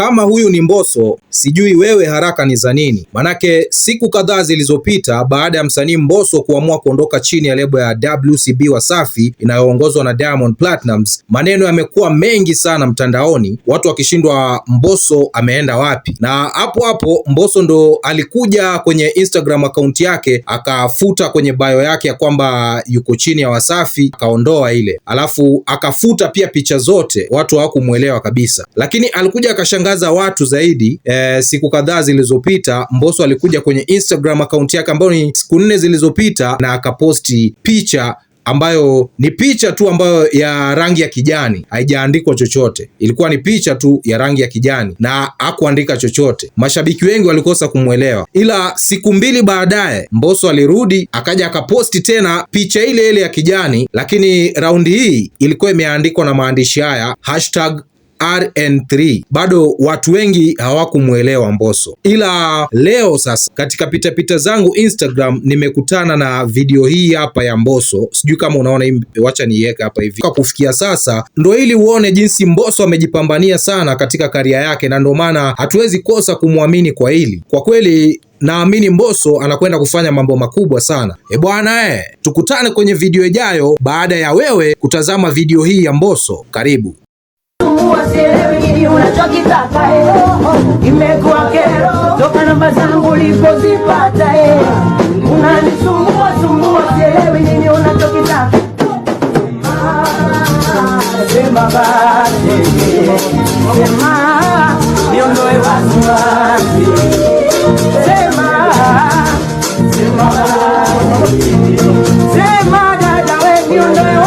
Kama huyu ni Mbosso, sijui wewe haraka ni za nini? Manake siku kadhaa zilizopita, baada ya msanii Mbosso kuamua kuondoka chini ya lebo ya WCB Wasafi inayoongozwa na Diamond Platnumz, maneno yamekuwa mengi sana mtandaoni, watu wakishindwa Mbosso ameenda wapi. Na hapo hapo Mbosso ndo alikuja kwenye Instagram akaunti yake akafuta kwenye bio yake ya kwamba yuko chini ya Wasafi, akaondoa ile, alafu akafuta pia picha zote, watu hawakumwelewa kabisa, lakini alikuja akashangaa kushangaza watu zaidi e, siku kadhaa zilizopita Mbosso alikuja kwenye Instagram akaunti yake ambayo ni siku nne zilizopita na akaposti picha ambayo ni picha tu ambayo ya rangi ya kijani, haijaandikwa chochote. Ilikuwa ni picha tu ya rangi ya kijani na hakuandika chochote. Mashabiki wengi walikosa kumwelewa, ila siku mbili baadaye Mbosso alirudi akaja akaposti tena picha ile ile ya kijani, lakini raundi hii ilikuwa imeandikwa na maandishi haya hashtag RN3 bado watu wengi hawakumwelewa Mbosso, ila leo sasa katika pitapita pita zangu Instagram nimekutana na video hii hapa ya Mbosso. Sijui kama unaona hii, wacha niiweke hapa hivi kwa kufikia sasa, ndo ili uone jinsi Mbosso amejipambania sana katika karia yake, na ndio maana hatuwezi kosa kumwamini kwa hili. Kwa kweli naamini Mbosso anakwenda kufanya mambo makubwa sana. E bwana eh, tukutane kwenye video ijayo baada ya wewe kutazama video hii ya Mbosso. Karibu kuwa sielewi nini unachokitaka eh. Imekuwa kero toka namba zangu ulipozipata eh. Unanisumbua sumbua, sielewi nini unachokitaka sema basi, sema niondoe wasiwasi, sema sema sema dada we niondoe